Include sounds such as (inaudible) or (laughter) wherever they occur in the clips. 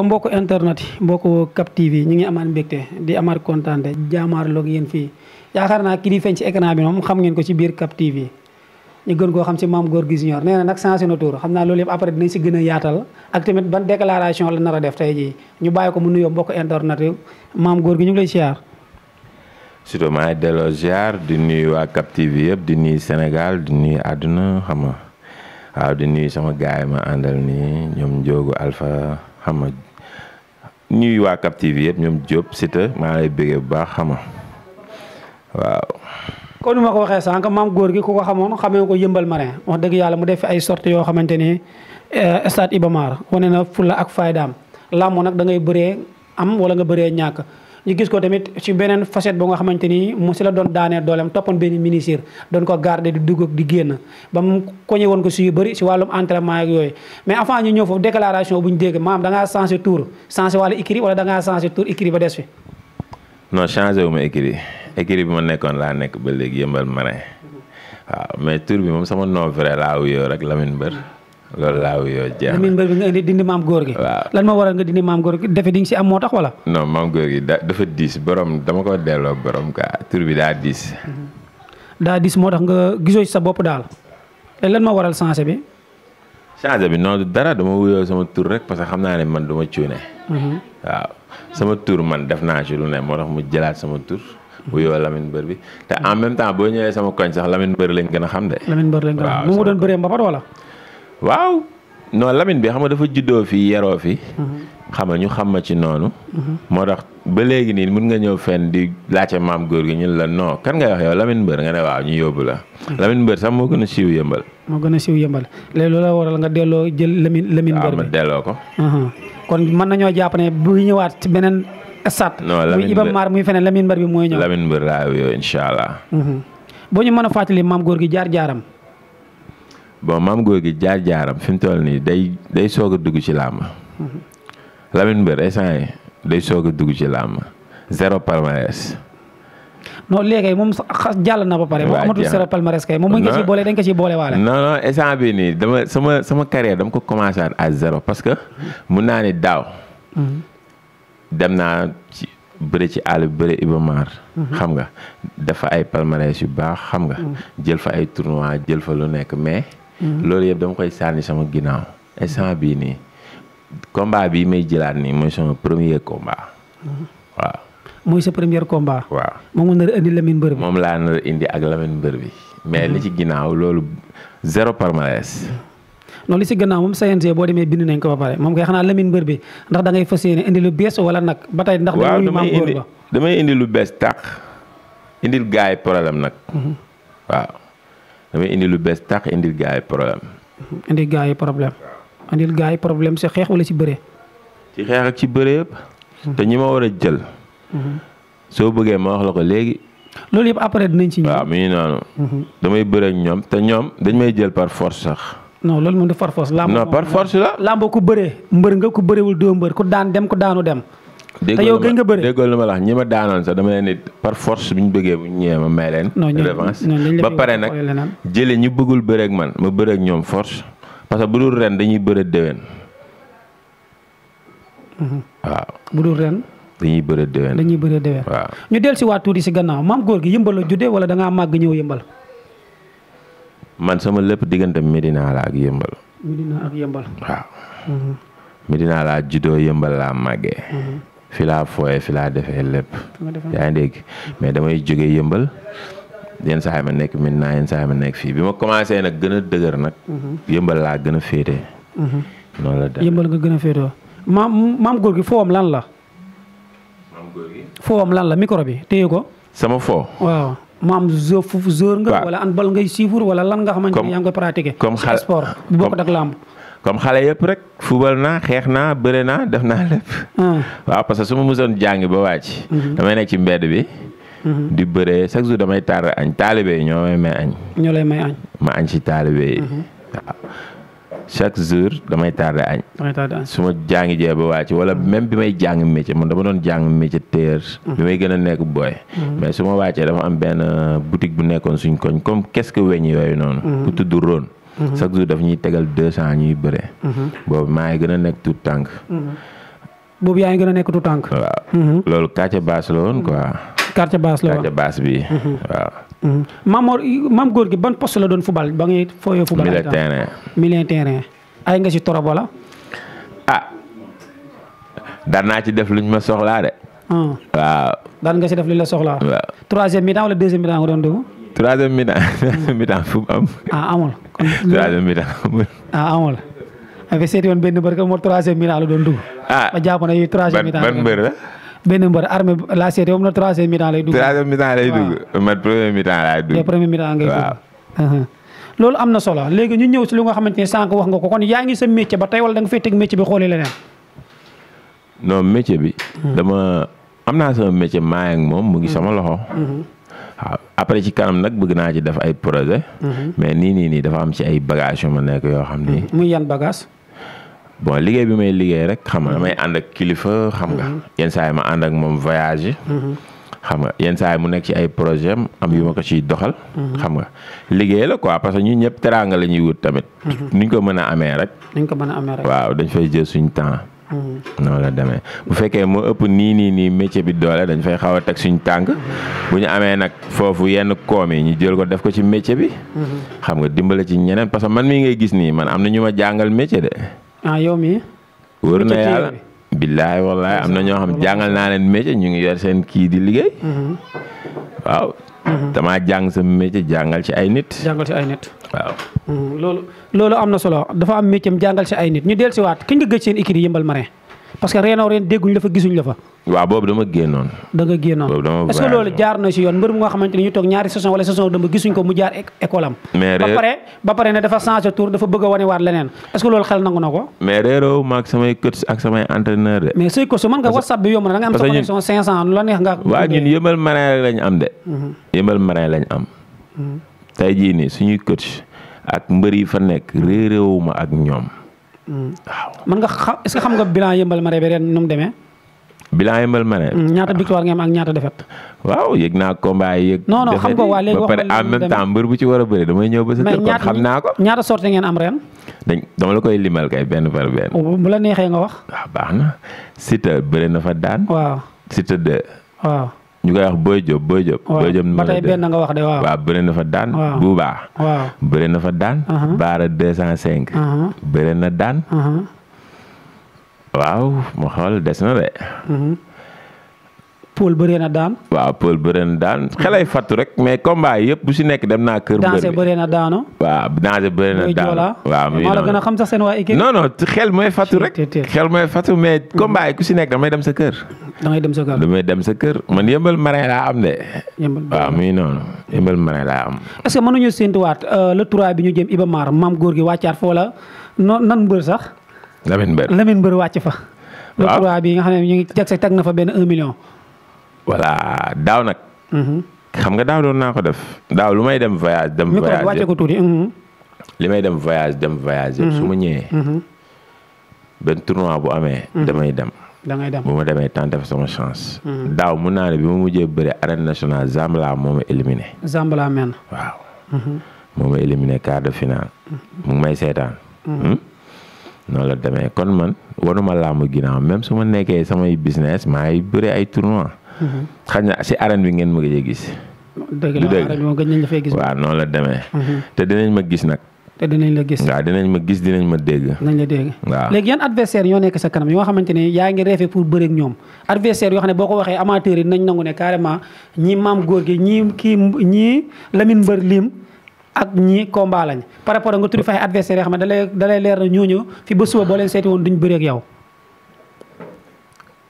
mbok internet mbok Cap TV ñi ngi amane mbekté di amar contenté te lok yeen fi yaakarna ki di feeñ écran bi mom xam ngeen ko ci biir Cap TV ñi gën ko xam ci Mame Gorgui Junior nee na nag changé na tour xamna naa loolu yëpp après dinañ ci gëna yaatal ak tamit ban déclaration la nara def tay ji ñu bàyyi ko mu nuyo mbok internet mam gor Gorgui ñu ngi lay siyaar surtout maa ngi ziar di nuyu wa Cap TV yëp di nuyu Sénégal di nuyu aduna xama nga di nuyu sama gaay ma andal ni ñom jogu Alpha xam nga ñuy waa Cap TV yëpp ñoom Diop Siteu maa lay bëggee bu baax xam nga waaw. kon nu ma ko waxee sànq maam góor gi ku ko xamoon xamee ko yëmbal marin wax dëgg yàlla mu def ay sorte yoo xamante ni eh, stade Iba Mar wane na fulla ak faydaam làmb nag da ngay bëree am wala nga bëree ñàkk. ñu gis ko tamit ci beneen facette bo nga xamante ni mu si la doon daanee dooleem toppoon benn ministre doon ko garder di dugg ak di génn ba mu koñe woon ko si yu bëri si wàllum entraînement ak yooyu mais avant ñu ñëw foofu déclaration bu ñu dégg maam da ngaa changé tour changé wàllu écrit wala da ngaa changé tour écrit ba des fi non changé wu ma écrit écrit bi ma nekkoon laa nekk ba léegi yëmbal marin waaw mais tour bi moom sama nom vrai laa wuyoo rek Lamine Mbër loolu laa wuyoo jeex na minbar bi nga indi dindi maam góor gi. waaw lan moo waral nga dindi maam góor gi defe di nga si am moo tax wala. non maam góor gi da dafa diis borom dama ko delloo borom kaa tur bi daa diis. Mhm. daa diis moo tax nga gisoo sa bopp daal te lan moo waral changé bi. changé bi non dara dama wuyoo sama tur rek parce que xam naa ne man du ma cuune. Mhm. waaw sama tur man def naa ci lu ne moo tax mu jëlaat sama tur. wuyoo Lamine Mbër bi te en même temps boo ñëwee sama koñ sax Lamine Mbër lañ gën a xam de. Lamine Mbër lañ gën a xam mu doon bëree mbapat wala. waaw noo Lamine bi xam nga dafa juddoo fi yeroo fi. xam nga ñu xam ma ci noonu. moo tax ba léegi nii mun nga ñëw fenn di laajte maam góor gi ñun la non kan ngay wax yow Lamine Mbër nga ne waaw ñu yóbbu la. Hmm. Lamine Mbër sax moo gën a siiw yëmbal. moo gën a siiw yëmbal léegi loolu la waral nga delloo jël Lamine Lamine Mbër bi ah, ma delloo ko. Hmm. kon mën nañoo jàpp ne bu ñëwaat ci beneen stade. non Lamine Mbër muy Iba Mar muy feneen Lamine Mbër bi mooy ñëw. Lamine Mbër laa yow incha allah. Hmm. boo ñu mën a fàttali maam góor gi jaar jaaram bon maam góor gi jaar jaaram fi mu toll nii day day soog a dugg ci làmb Lamine Mbër instant day soog a dugg ci làmb zéro palmarès. non léegi moom xas jàll na ba pare. waaw amatul zéro palmarès kay moom mu ngi ciy boole dañ ko ciy boole waale. non non instant nii dama sama sama carrière dama ko commencé a zéro parce que mun naa ne daaw. dem naa ci bëri ci àll bi bëri Iba xam nga dafa ay palmarès yu baax xam nga. Mm-hmm. jël fa ay tournois jël fa lu nekk mais. loolu yëpp dama koy sànni sama ginnaaw instant bii nii combat bii may jëlaat nii mooy sama premier combat. waaw. mooy waaw moom nga nar indi Lamine mbër bi. moom laa indi ak Lamine mbër bi. mais li ci ginnaaw loolu zéro palmarès. non li si gannaaw moom CNG boo demee bind nañ ko ba pare moom kay xanaa Lamine mbër bi ndax da ngay fas yéene indi lu bees wala nag ba tey ndax. waaw damay indi damay indi lu bees tàq. indil gaay problème nag. Mhm. waaw. damay indi lu bees tax indil gars yi problème. indil gars yi problème. indil gars yi problème si xeex wala si bëree. ci xeex ci bëree yëpp. te ñi ma war a jël. soo bëggee ma wax la ko léegi. loolu yëpp après dinañ ci ñëw. waaw mi ngi mhm. damay bëre ñoom te ñoom dañ may jël par force sax. non loolu moom de par force. làmb par force la. làmb ku bëree mbër nga ku bëreewul doo mbër ku daan dem ku daanu dem. te yow gën nga bëri déggoo lu ma la wax ñi ma dama leen ni par force bu ñu bëggee bu ñu ñëwee ma may leen revanche ba pare nag jële ñu bëggul bëre ak man ma bëre ak ñoom force parce que bu dul ren dañuy bëre déwén mhm. waaw bu dul ren dañuy bëre déwén dañuy bëre déwén waaw ñu del si waat tuuti si gannaaw maam góor gi yëmbal la juddee wala da ngaa màgg ñëw yëmbal man sama lépp diggante Medina la ak yëmbal Medina ak yëmbal waaw mhm. Medina laa juddoo yëmbal laa màggee mhm. fi laa fooye fi laa defee lépp. yaa ngi dégg mais damay jóge yëmbal yenn saa yi ma nekk maintenant yenn saa ma nekk fii bi ma commencé nag gën a dëgër nag. Mhm. yëmbal laa gën a féetee. Mhm. noonu la demee yëmbal nga gën a féetoo maam maam góor gi lan la. maam góor la micro bi téye ko. sama foo. waaw maam zo fu nga. wala an bal ngay siifur wala lan nga xamante ne yaa ngi koy comme sport bu bokk ak làmb comme xalé yëpp rek fubal na xex na bëre na def na lepp ah. waaw parce que suma ma mësoon jàng ba wàcc. Mhm. damay nekk ci mbedd bi. Mhm. di bëree chaque jour damay tar añ talibé ñoy may may añ. ñoo may añ. ma añ ci talibé mhm. chaque jour damay tardé añ. damay tardé añ su ma jàngi ba wàcc wala même bi may jàng métier man dama don jàng métier ter bi may gëna a nekk booy. mais suma ma dama am ben euh, boutique bu nekkon suñ koñ comme qu'est-ce que wéñ yoy non ku tuddu ron Mhm. chaque jour daf ñuy tegal deux cent ñuy bëre. Mhm. boobu maa ngi gën a nekk tout tànk. Mhm. boobu yaa ngi gën a nekk tu tànk. loolu quartier basse la woon quoi. quartier basse la woon quartier bi waaw. Mamor Mam góor gi ban poste la doon football ba ngay fooyee football. milieu terrain milieu terrain ay nga ci torop wala. ah daan naa ci def lu ñu ma soxla de. Ah. waaw daan nga ci def luñ la soxlaa. waaw troisième mi-temps wala deuxième mi-temps nga doon dugg. troisième mi-temps (laughs) ah, (laughs) troisième mi-temps fu mu am. Ah, amul kon. troisième mi benn mbër moom troisième mi-temps la doon dugg. ah ma jàpp ne yooyu troisième la. benn mbër armée mi lay dugg. troisième mi-temps lay dugg loolu am na solo léegi ñu ñëw si lu nga xamante ne sànq wax nga ko kon yaa ngi sa métier ba tey wala da nga fay teg métier bi xoolee leneen. non métier bi. Hmm. dama am naa sama métier maa moom mu ngi hmm. sama loxo. Hmm. waaw ah, après ci kanam nag bëgg naa ci def ay projet mhm. mais nii nii nii dafa am ci ay bagage yu ma nekk yoo xam ni. Mhm. muy yan bagage bon liggéey bi may liggéey rek xam nga mhm. may ànd ak kilifa xam nga. yenn saa ma ànd ak moom voyage xam nga yenn saa mu nekk ci ay projet am yu ma ko ciy doxal. xam nga liggéey la quoi parce que ñun ñëpp teraanga la ñuy wut tamit. nuñ ko mën a amee rek. nuñ ko mën a amee rek waaw dañ fa jël suñ temps. noonu la demee bu fekkee moo ëpp nii nii nii métier bi doole dañ fay xaw a teg suñ tànk bu ñu amee nag foofu yenn koom yi ñu jël ko def ko ci métier bi. xam nga dimbale ci ñeneen parce que man mii ngay gis nii man am na ñu ma jàngal métier de. ah yow mii. wër na yàlla billaay wallaay am na ñoo xam jàngal naa leen métier ñu ngi yor seen kii di liggéey. waaw. Mm-hmm. damaa jàng sa métier jàngal ci ay nit. jàngal ci ay waaw. Mm-hmm. loolu am na solo dafa am métier jàngal si ay nit ñu del si waat kañ nga gëj seen écurie yëmbal marin parce reenoo reen dégguñu la fa gisuñ la fa waaw boobu dama génnoon da nga génnoon est-ce que loolu jaar na si yoon mbër mu nga xamante ni ñu toog ñaari saison wala saison dama gisuñ ko mu jaar e-, école am ba pare ba pare ne dafa changé tour dafa bëgg a wane waat leneen est-ce que loolu xel nangu na ko mais réeroo maag samay coach ak samay entraîneur mais say coach mën nga whatsapp bi yomb na da nga am la am de yëmbal marin lañ am mhm. mhm. tey ak mbër yi fa nekk réeréewuma ak ñoom. Hmm. waaw man nga xam est-ce que xam nga bilan yëmbal mare bi ren nu mu demee. bilan yëmbal mare. Hmm, ñaata victoire ngeen ak ñaata défaite. waaw yëg naa combat yi yëg. non non xam nga ba pare en même temps mbër bu ci war a bëri damay ñëw ba sa kër kon naa ko. ñaata sortie ngeen am ren. dañ dama la koy limal kay benn par benn. Oh, bu la neexee nga wax. waaw ah, baax na Siteu bëri na fa daan. waaw Siteu de. waaw. ñu koy wax Boy Diop Boy Diop. nga wax de waaw. waaw bëri na fa daan. waaw Bouba. waaw bëri na fa daan. Baara 205. bëri na daan. waaw mu xool des na de. Mhm. Paul bëree na daan. waaw Paul bëree daan xelay fattu rek mais combat yëpp bu si nekk dem naa kër. mbër bi bëree na daano waaw danger bëree daano waaw maa a xam sax seen waa équipe. xel mooy fattu rek. xel mooy fattu mais combat ku si nekk dem sa kër. damay dem sa kër damay dem sa kër man yëmbal marin laa am de. muy noonu yëmbal marin laa am. est ce que mënuñu séntuwaat euh, le 3 bi ñu jëm Iba Mar maam góor gi wàccaat foo la nan mbër sax. Lamine Mbër Lamine Mbër wàcc fa. waaw le bi nga xam ne ñu ngi teg na fa benn 1 million voilà daaw nag. Mhm. xam nga daaw doon naa ko def. daaw lu may dem voyage dem. voyage micro wàcce ko tuuti. Mhm. li may dem voyage dem voyage. Mhm. su ma ñëwee. amee. damay dem. da ngay dem bu ma demee tenté def sama chance. daaw mun naa ne bi ma mujjee bëre arène nationale Zambala moo ma éliminé. Zambala men waaw. moo ma éliminé quart de finale. mu ngi may seetaan. Hmm? noonu demee kon man waruma làmb ginnaaw même su ma nekkee samay business maay bëre ay tournoi. xaj na si arène bi ngeen ma gëj a gis. dëgg la arène moom gëj fay gis. waaw noonu la demee. Mhm. te dinañ ma gis nag. te dinañ la gis. waaw dinañ ma gis dinañ ma dégg. nañ la dégg waaw léegi yan adversaire ñoo nekk sa kanam yoo xamante ne yaa ngi reefee pour bëreeg ñoom adversaire yoo xam ne boo ko waxee amateur yi dinañ nangu ne carrément ñii maam góor gi ñii kii ñii Lamine Mbër lim ak ñii combat lañ par rapport nga tuddi fay adversaire yoo xam ne dalay dalay leer na ñooñu fi ba suba boo leen seeti woon duñ bëreeg yow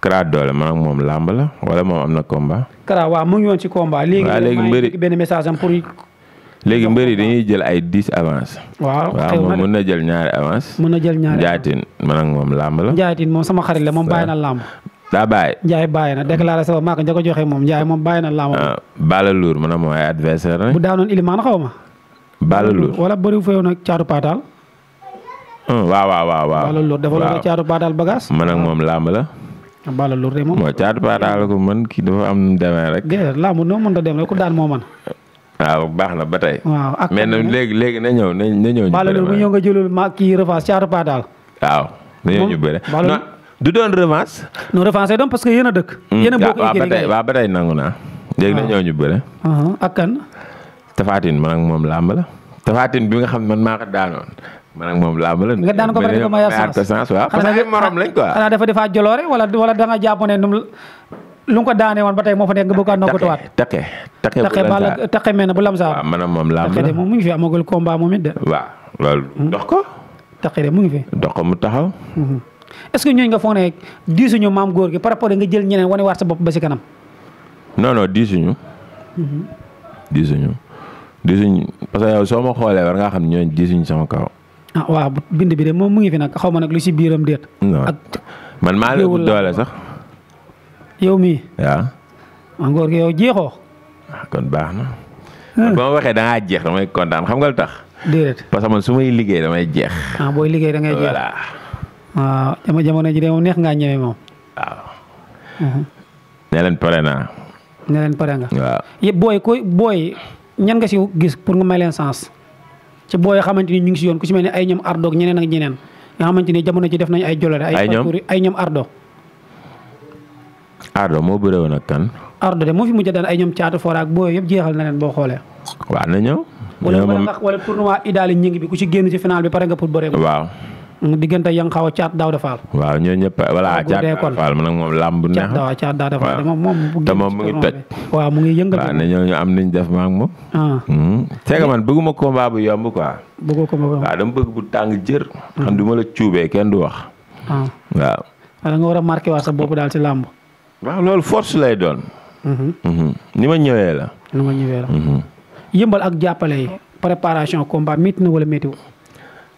Kara Dollé man ak moom làmb la wala moom am na combat. Kara waaw mu ngi woon ci combat. waaw léegi mbëri léegi benn message am pour. léegi mbëri dañuy jël ay dix avance. waaw na de waaw moom mën na jël ñaari avance. mën na jël ñaari avance Njaatin man ak moom làmb la. Njaatin moom sama xarit la moom bàyyi na làmb. daa bàyyi. Ndiaye bàyyi na déclaré sama maaka nga ko joxe moom Ndiaye moom bàyyi na làmb. Ah, Bala Lour man ak moom ay adversaire bu daanoon Ilimane xaw ma. Bala wala bëri fu yow nag caatu paataal. Hmm, waaw waaw waaw waaw. Bala Lour moom làmb la Balla loolu de moom. moo caatu paataal ko mën kii dafa am demee rek. déedéet laamu noo mën a dem rek ku daan moo mën. waaw baax na ba tey. waaw ak mais léegi léegi na ñëw na ñëw. ñu bëri Balla loolu bu ñëw nga jëlul ma kii revanche caatu paataal. waaw na ñëw du doon revanche. non revanche lay parce que yéen a dëkk. Hmm, yéen a bokk écurie gars yi waaw nangu naa. léegi na ah. ñëw ñu bëri. Uh-huh, ak kan. man ak moom làmb la. Tapha bi nga xam man maa daanoon man moom laa bële. nga daan ko bëri ko may chance chance parce que morom lañ quoi. xanaa dafa defaa joloore wala wala da nga jàpp ne num lu nga ko daanee woon ba tey moo fa nekk nga bëgg a nokkatuwaat. takke takke takke bu lamsaar takke mel na bu moom laa bële takke de moom mu ngi fi amagul combat moom it de. waaw hmm? dox ko. takke de mu ngi fi. dox ko mu taxaw. Hmm. est-ce que ñooñu nga foog ne diisuñu maam góor gi par rapport nga jël ñeneen wane waat sa bopp ba si kanam. non non diisuñu. Hmm. diisuñu diisuñu parce que yow soo ma xoolee war ngaa xam ne ñooñu diisuñu sama kaw ah waaw bind bi de moom mu ngi fi nag xaw ma nag lu si biiram déet. ak man maa la ëpp doole sax. yow mii. waaw. encore que yow jeexoo. Ah, kon baax na. man ah. ba ma waxee da jeex damay kontaan xam nga lu tax. déedéet parce que man su may liggéey damay jeex. ah booy liggéey da ngay jeex voilà. waaw ah, dama jamono ji de moom neex ngaa ñeme moom. waaw. ne leen pare naa. ne leen pare nga. waaw booy koy booy ñan nga si gis pour nga may leen sens. ci boo yoo xamante ni ñu ngi si yoon ku si mel ne ay ñoom ardoog ñeneen ak ñeneen nga xamante ni jamono ji def nañ ay jolore ay parcours ay ñoom ardo ardo moo bëre woon ak kan ardo de moo fi mujj daan ay ñoom caatu foora ak boo yëpp jeexal na boo xoolee waaw na ñëw wala tournoi idaali ñi ngi bi ku si génn ci final bi pare nga pour bëre waaw diggante yan xaw caat daaw defaal. waaw ñooñu ñëpp voilà caat daaw defaal man nag moom làmb bu moom moom. te moom mu ngi toj. waaw mu ngi yëngal waaw ne ñooñu am ñu def maa ngi moom. c'est ah. hmm. que man bëgguma combat bu yomb quoi. bëggoo dama bëgg bu tàng jër. Ah. xam du la cuubee kenn du wax. Ah. waaw waaw. nga war a marqué waat sa bopp daal ci làmb. waaw loolu force lay doon. Mm-hmm. Mm-hmm. ni ma ñëwee la. ni ma ñëwee la. Mm-hmm. yëmbal ak jàppale yi préparation combat métti na wala métti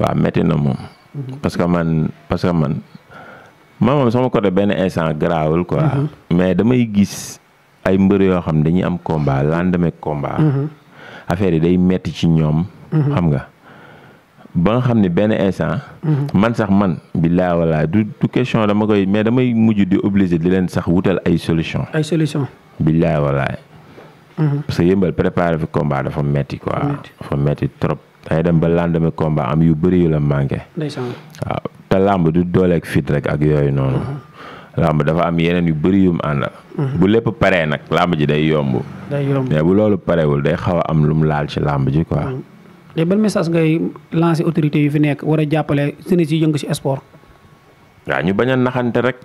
waaw métti na moom. Mhm. parce que man parce que man man moom sama côté benn instant garaawul quoi. Mhm. mais damay gis ay mbër yoo xam dañuy am combat lendemain combat. Mhm. affaire yi day metti ci ñoom. xam nga ba nga xam ne benn instant. man sax man billaa wala du du question dama koy mais damay mujj di obligé di leen sax wutal ay solution ay solution billaa wala. parce yëmbal préparer fi combat dafa metti quoi. dafa metti trop. day dem ba me combat am yu beuri yu la mangé ndaysan waaw ah, ta lamb du dooleeg fit rek ak yoy non lamb dafa am yenen yu beuri yu mu àndal. bu lepp paré nak lamb ji day yomb. day yomb mais bu paré wul day xawa am lum laal ci lamb ji quoi. Mhm. léegi bal message ngay lancer autorité yu fi nek wara jappalé sene ci yeung ci sport. ya ñu baña naxante rek.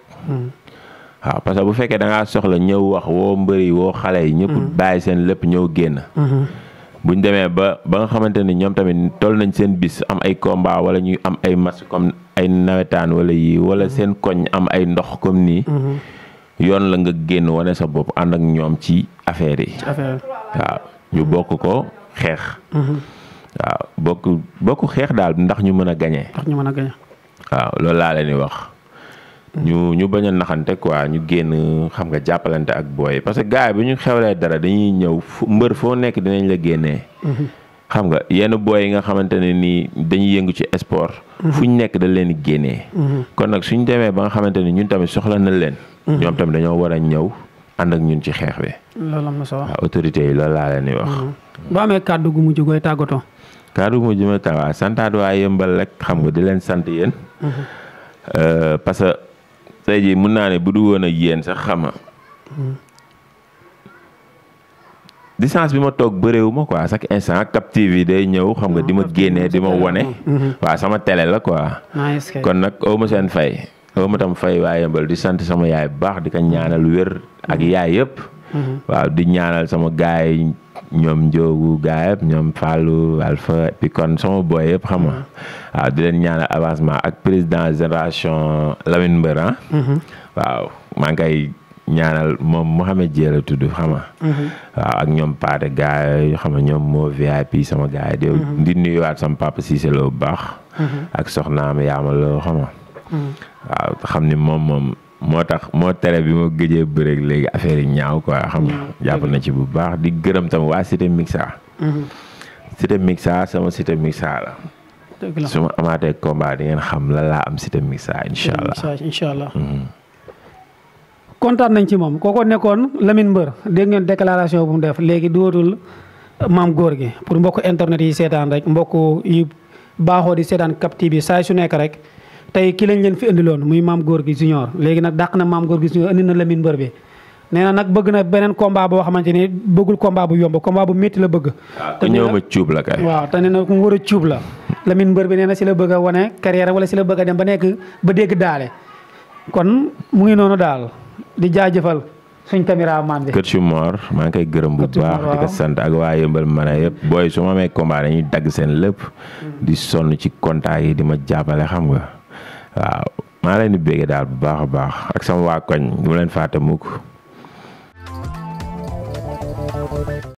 waaw parce que bu fekkee da nga soxla ñew wax wo mbeuri wo xalé ñepp ñëpp seen lépp ñëw génn. bu ñu demee ba ba nga xamante ne ñoom tamit toll nañ seen bis am ay combat wala ñuy am ay match comme ay nawetaan wala yii wala mhm. seen koñ am ay ndox comme nii. Mhm. yoon la nga génn wane sa bopp ànd ak ñoom ci affaire yi. waaw ñu bokk ko xeex. Mhm. waaw bokk bokk xeex daal ndax ñu mën a gañe. ñu mën a gañe. waaw loolu laa leen di wax. ñu ñu bañ a naxante quoi ñu génn xam nga jàppalante ak booy parce que gars yi bi ñu xewlee dara dañuy ñëw mbër foo nekk dinañ la génnee. Mhm. xam nga yenn booy yi nga xamante ne nii dañuy yëngu ci sport. Mhm. fu ñu nekk dañ leen di génnee. Mhm. kon nag ñu demee ba nga xamante ni ñun tamit soxla na leen. ñoom tamit dañoo war a ñëw ànd ak ñun ci xeex bi. loolu am na solo waaw yi loolu laa leen di wax. boo amee kàddu gu mujj gooy tàggatoo. kàddu gu mujj waa yëmbal rek xam nga di leen sant yéen. Euh, tey jii mun naa ne bu du woon ak yéen sax xama distance bi ma toog bëréewu ma quoi chaque instant Cap day ñëw xam nga di ma ah, génnee di ma wone mm-hmm. waaw sama télé la quoi kon nag au ma seen fay aw ma tam fay waaye Yeumbeul di sant sama yaay bu baax di ko ñaanal wér ak mm-hmm. yaay yëpp mm-hmm. waaw di ñaanal sama gaay ñoom Ndiogu gaayeb ñoom Fallou Alpha et puis kon sama yëpp xam nga mm-hmm. waaw di leen ñaanal avancement ak président génération Lamine Mbeur ah. mm-hmm. waaw maa ngi ñaanal moom Mouhamed Dieng la tudd xam nga mm-hmm. waaw ak ñoom Paate gaay xam nga ñoom moo VIP sama gaay yi. di nuyuwaat sama papa Cissé Lo bu baax. ak soxnaam Yaama Lo waaw xam ni moom moom. moo tax moo tere bi ma gëjee bëreeg léegi affaire yi ñaaw quoi xam nga mm-hmm. jàpp na ci bu baax di gërëm tam waa Cité Mixa. Mm-hmm. Cité Mixa sama Cité Mixa la. dëgg la su ma amaatee combat di ngeen xam lan laa am Cité Mixa incha allah incha mm-hmm. kontaan nañ ci moom kooko nekkoon Lamine Mbër dégg ngeen déclaration bu mu def léegi dootul maam góor gi pour mbokk internet yi seetaan rek mbokk yi baaxoo di seetaan Cap TV bi saay su nekk rek. tey kii lañ leen fi indiloon muy maam góor gi junior léegi nag dàq na maam góor gi junior indi na Lamine mbër bi nee na nag bëgg na beneen combat boo xamante ni bëggul combat bu yomb combat bu métti la bëgg. Ah, te ñëw ma cuub la te nee na ku mu war a cuub la Lamine mbër bi nee na si la bëgg a wane carrière wala si la bëgg a dem ba nekk ba dégg daale kon mu ngi noonu daal di jaajëfal. suñ caméraman bi. Kër Chumor maa ngi koy gërëm bu baax di ko sant ak waa yëmbal mën a yëpp booy su ma amee combat dañuy dagg seen lépp. Mm. di sonn ci contact yi di ma jàppale xam nga. waaw maa leen di béggee daal bu baax a baax ak sama waa koñ bu leen faate mukk